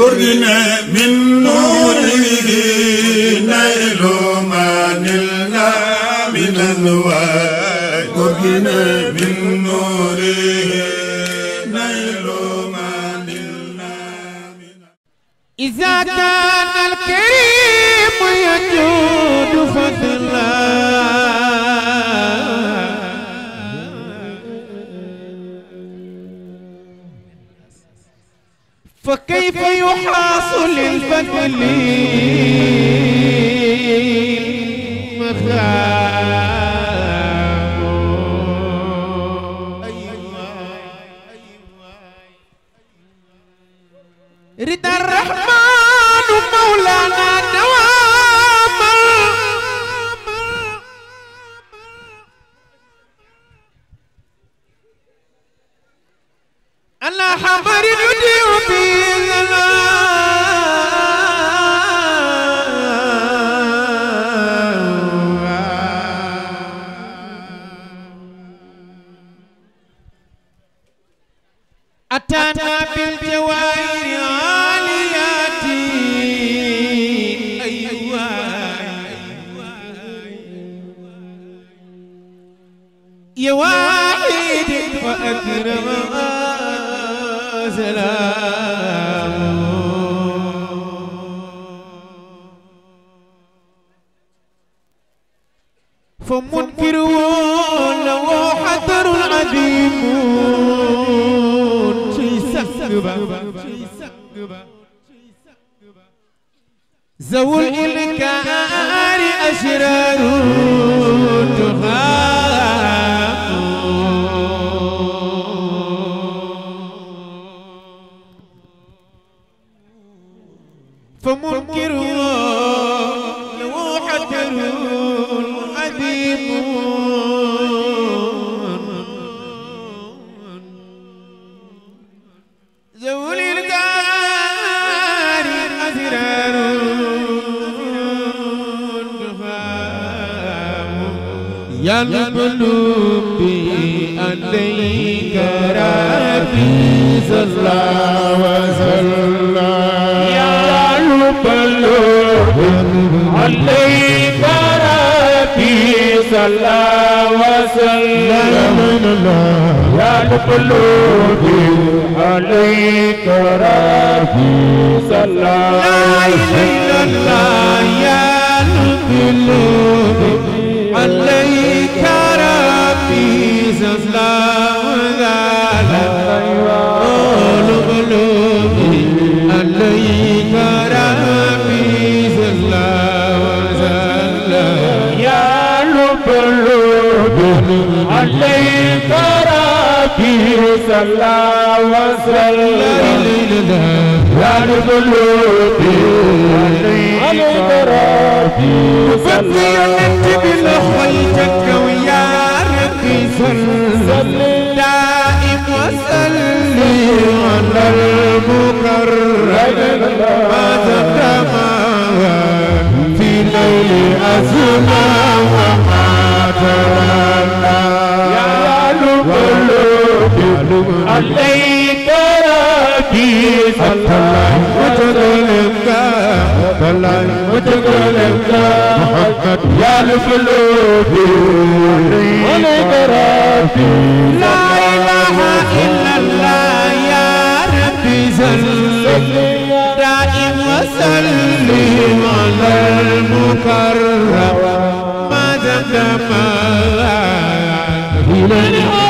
ترجنا من نوره نيل ما نلنا من الوعي ترجنا من نوره نيل ما نلنا من إذا كان الكريم يجود فضلا فكيف يحاص للفتل مخاف أتانا بالجوائر عاليات أيوة يا واحد فأكرم سلام فمن ذو الإنكار أشرار لا إله إلا الله يا القلوب عليك ربي زلزلا وذالا قلوب قلوبي عليك ربي زلزلا وذالا يا قلوبي عليك فيه صلى وسلم لا نقلوبي عليك ربي وفتي النجم الأخوي جك ويا ربي صلي دائم وسلم على المكرم ما تتماوى في ليل أزماوى من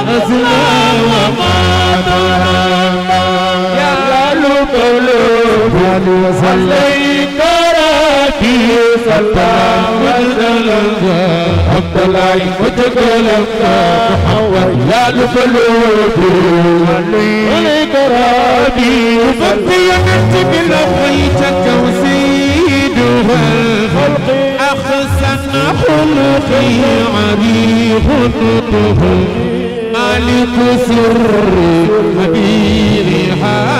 أصلى وقامها عليه وسلم عليك ربي صلى وسلم حمد الله متقلبك محمد لا لقلوب عليك ربي فضي نفسك لقيتك وسيدها الخلق أحسن خلقي عبيد مالك سر حبيبي حبيبي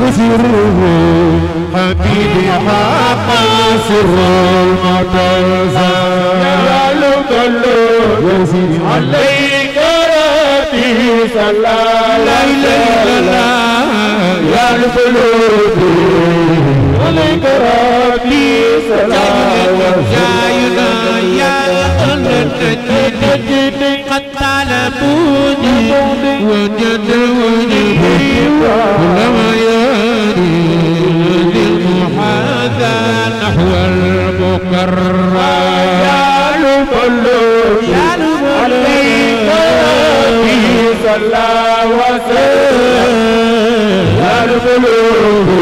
الخلق سره حبيبي حقا سر المعتزى جلالك الله عليك ربي صلى الله يا القلوب عليك ربي صلى الله قد طلبوني وجدوني ولما هذا نحو المكرم يا الملوك عليك به صلى وسلم يا الملوك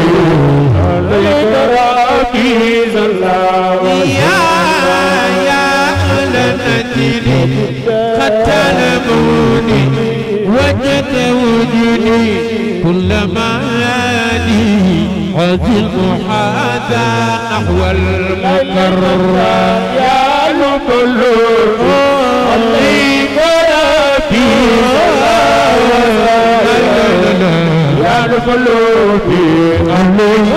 عليك ربي صلى وسلم يا لنتني قد تلموني وجدت وجودي كلما حزن هذا نحو المقرر يا لبل الليل في يا لبل في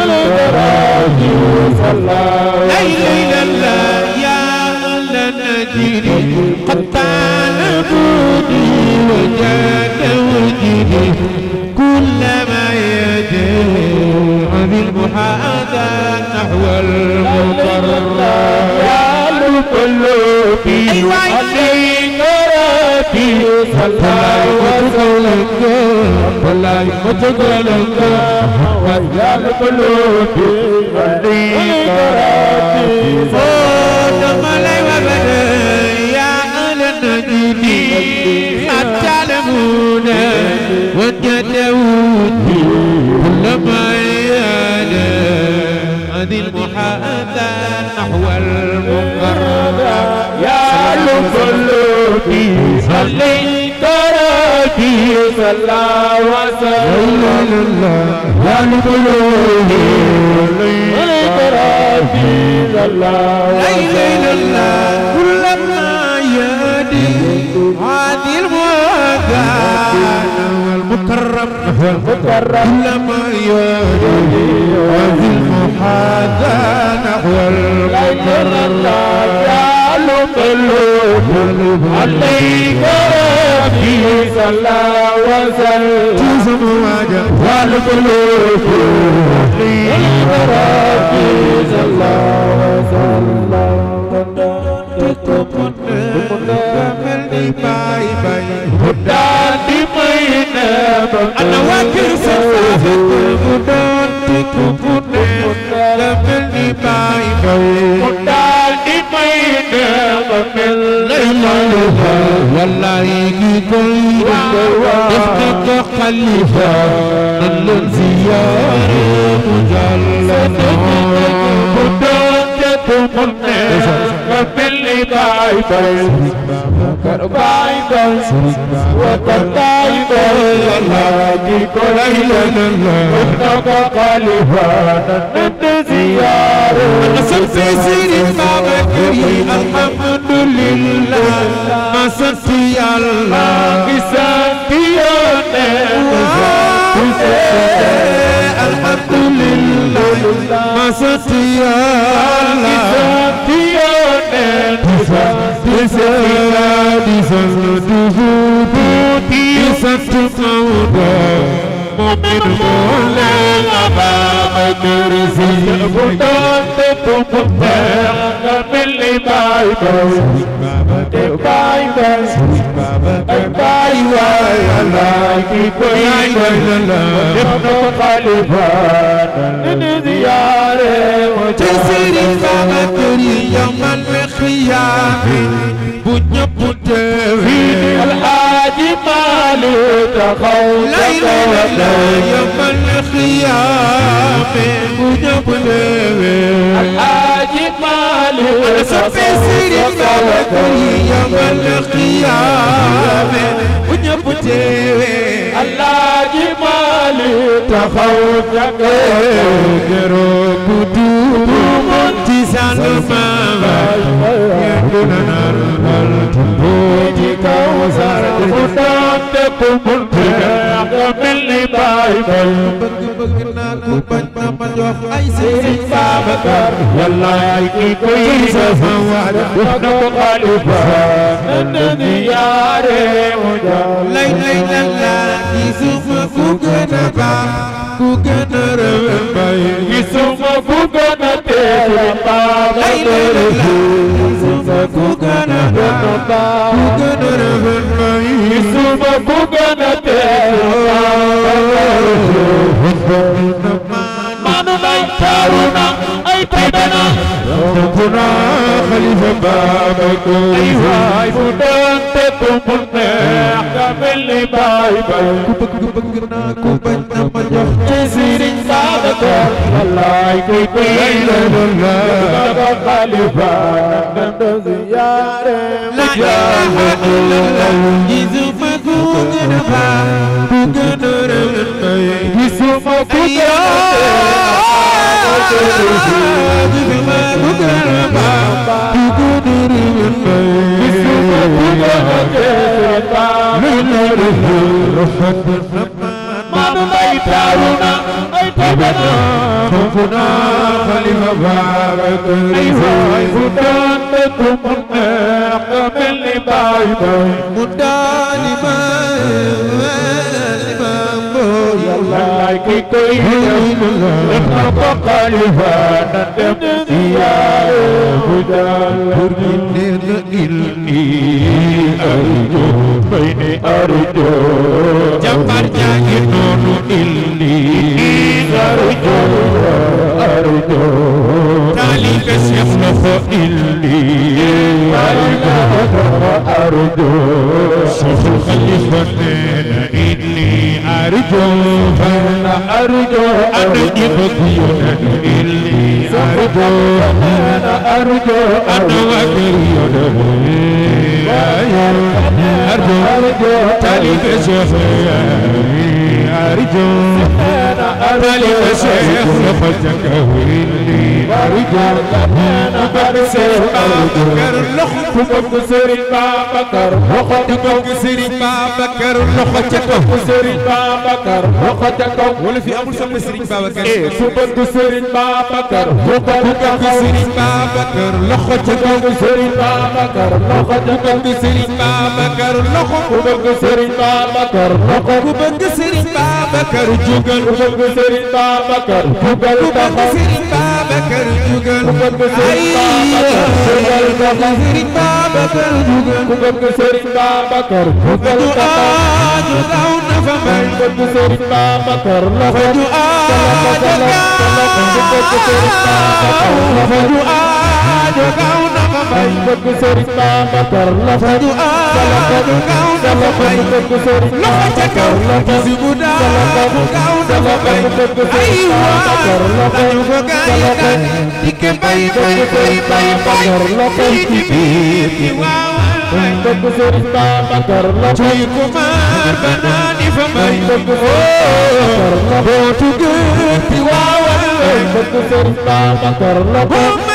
الليل صلى ليل الله يا لنجري قد طالبوني ربي عليك ربي فلا يمتلك فلا يمتلك ويا القلوب عليك ربي فوت ملي وبدي يا أهل النجدي أتعلمون وجدوا كل ما يانا عن المحال صلوتي عليك ربي صلى وسلم غالب روحي عليك ربي صلى وسلم كلما يدي هذه المكان المكرم المكرم لما يهدي وفي المحاذاة نحو المكرم يا لطلوب عليك ربي صلى وسلم والملوك عليك ربي صلى وسلم أنا واكر سلسلة المدن تكون لمن باي باي والله كل افتك خليفة كل زيارة مجلد بدأت تمنى قبل tay tay tay kar bay tay wa kar tay tay la ki ko lay lan la ka qalifa nat ziyar asal fi siri ma bakri alhamdulillah ma sati allah kisakiyone eh, alhamdulillah ma sati allah الحساب سنده بوتي سنت موضى مؤمن مولى أبا بكر سيد بطان تبقى من لبعض baay baay baay baay waay alaay ki koy koy lala ibnu xalifaan nanu ziyaare wa tasiri famaturi yaman mi xiyaami bu ñëpp teewe alxaaji maalu taxaw taxaw yaman mi xiyaami bu ñëpp teewe ana soppe Sëriñ Bamba ko yi yombal xiyaame bu ñëpp teewee Alaaji Maali taxaw jage gëroo guddu ci sànnu maama ñëpp na naan bal tumbu ci kaw sar bu doon te kumbul lu mel ni baay fay bëgg bëgg naa ko bañ na ma jox ay sëriñ Babacar wallaay ki koy safa waada def na ko xalifa na ni yaare mu jaar lay lay la la ci suuf fu gën a baax ku gën a rëwel bay ci suuf fu gën a teel baax lay lay la la ku gën a doon baax ku gën a rafet ma yi suba ku gën a teel manu may taaru na ay tadana rabbuna xalifa Babacar ay waay mu doon te ku mu neex nga mel ni baay bay ku bëgg bëgg na ku bañ na ma jox ci Sëriñ Babacar wallaay kuy kuy la doon la xalifa la ilaha illallah gisuma ku gën a baax ku gën a rëy gisuma ku gën a baax gisuma ku gën a baax ku gën a rëy gisuma ku gën a baax ku gën a rëy maam mbay taaru na ay tàggat na foofu na xalifa baax ay foofu لكم قبل باي باي مداني باي كي كي لخلق قلبا ندم يا بدان برد إلي أرجو بين أرجو جبر جاكي يصلح إلي أرجو شوف الخليفة إني أرجو فأنا أرجو أن يبقى إلي أرجو فأنا أرجو أن أرجو أرجو تالي بشيخ أرجو طالب شيخ فجك ويلي أرجو بك سير بابكر لخت بك سير بابكر لخت بك سير بابكر لخت بك سير بابكر لخت بك ولا في أبو سمي سير بابكر إيه سبك سير بابكر لخت بك سير بابكر لخت بك سير بابكر لخت بك سير بابكر لخت بك سير بابكر لخت بك سير بابكر جوجل بك سير Serigne Babacar jugal taxaw Serigne Babacar jugal ku bëgg Serigne Babacar jugal ku bëgg Serigne Babacar jugal taxaw ju daw na fa bay ku bëgg Serigne Babacar loxo ju aajo gaaw fay bëgg sëriñ Bamba kor la fay sala fay sala fay bëgg sëriñ Bamba kor la fay sala fay sala fay bëgg sëriñ Bamba kor la fay sala fay dikke bay bay bay bay kor la fay ci biir bëgg sëriñ Bamba kor la fay ko maar banaani fa may oh, bëgg kor la boo tuggee waaw bëgg sëriñ Bamba kor la fay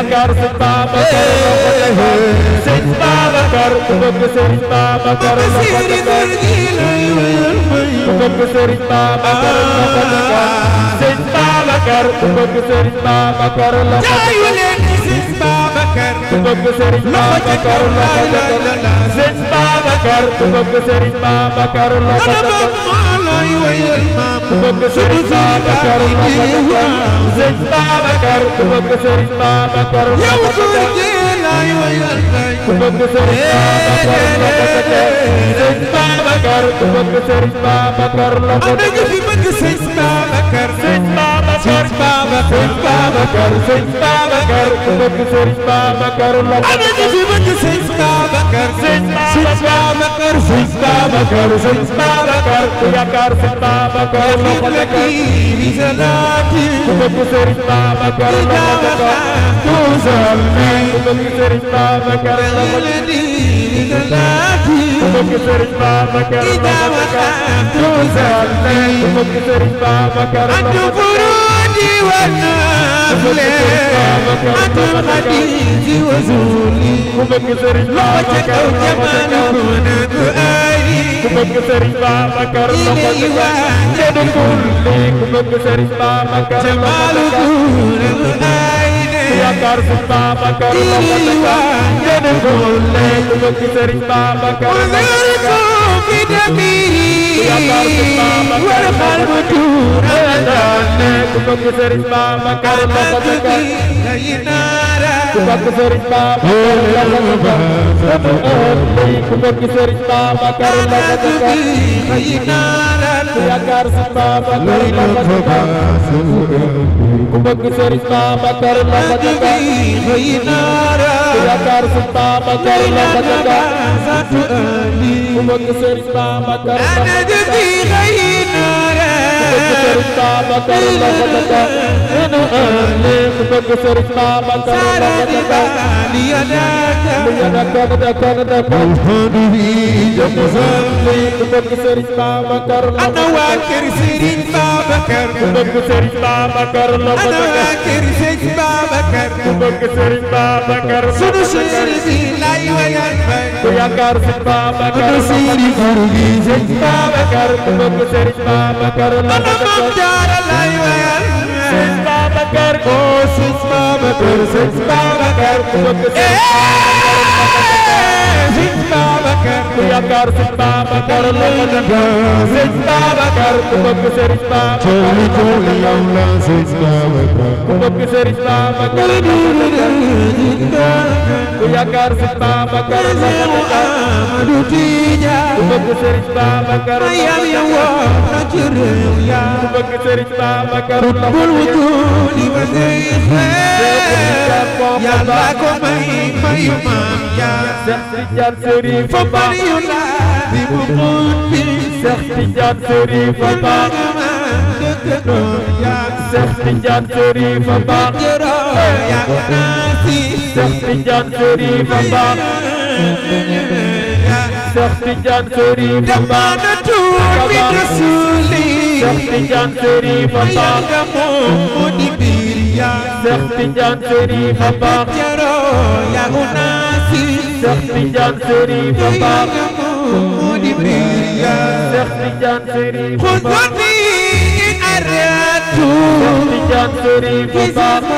Babacar sëñ Babacar sëñ Babacar ku bëgg sëriñ Babacar la ko defal ku bëgg sëriñ Babacar la ko defal sëñ Babacar ku bëgg sëriñ Babacar la ko defal ku bëgg sëriñ Babacar la ko defal sëñ Babacar ku bëgg sëriñ Babacar la ko defal mooy woyal maam ku bëgg Sëriñ Babacar Sëriñ Babacar ku bëgg Sëriñ Babacar yow góor gi laay woyal kay ku bëgg Sëriñ Babacar Sëriñ Babacar ku bëgg Sëriñ Babacar la ko am nga fi bëgg Sëriñ Babacar Sëriñ Babacar Sëriñ Babacar Sëriñ Babacar ku bëgg Sëriñ Babacar la ko am nga fi bëgg Sëriñ Babacar kër sëñ Babacar ku yaakaar sëñ Babacar loxo Dakar ku bëgg sëriñ Babacar loxo Dakar tuusal may ku bëgg sëriñ Babacar loxo Dakar ku bëgg sëriñ Babacar loxo Dakar tuusal may ku bëgg sëriñ Babacar loxo Dakar ونفل أنت الحديث وزولي لو جدوا جمال كنت آلي إلي وعد كل جمال كنت آلي yaakaar si Bamba kër Loxo Ndeye. yéen a ngi wër xal bu tuur Bakar Sëñ Babacar la ma jaga ku bëgg Sëñ Babacar la ma jaga تكسر الصعبة ترى لغتك من أهلك تكسر الصعبة ترى لغتك ليداك ليداك كندا كندا بالهدي جمزلي تكسر الصعبة ترى لغتك أنا واكر سيرين بابكر تكسر الصعبة ترى لغتك أنا واكر سيرين بابكر تكسر بابكر سنو شيرين لاي ويان بي ويا كار سيرين بابكر سيرين فرغي سيرين بابكر تكسر الصعبة ترى لغتك Jaara lay wayal Babacar oo sëñ Babacar sëñ Babacar sëñ Babacar ku yaakaar sëñ Babacar la ko def sëñ Babacar ku bëgg sëriñ Babacar cooli cooli yow la sëñ Babacar ku bëgg sëriñ Babacar ku yaakaar sëñ Babacar la ko def ku bëgg sëriñ Babacar la ko def ku bëgg sëriñ Babacar la ko def jaar laa ko may mayu fa bari yu laa bi Seex Tijaan Sëriñ fa baax fa baax na tuur bi rasuuli Seex Cheikh Tidiane Chérif a baax Cheikh Tidiane Chérif a baax Cheikh Tidiane Chérif a baax Tidiane Chérif a baax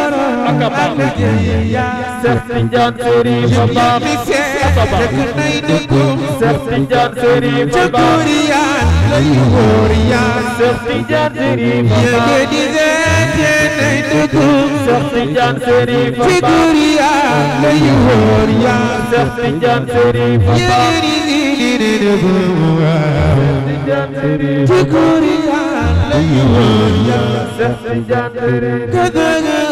aka baax Cheikh Tidiane Chérif a baax aka baax Cheikh Tidiane Chérif a baax Cheikh Tidiane Chérif a baax yéenay dugg Seex Tijaan Sëriñ Bamba ci góor yaa lay wóor yaa Seex Tijaan Sëriñ Bamba ci góor yaa lay wóor yaa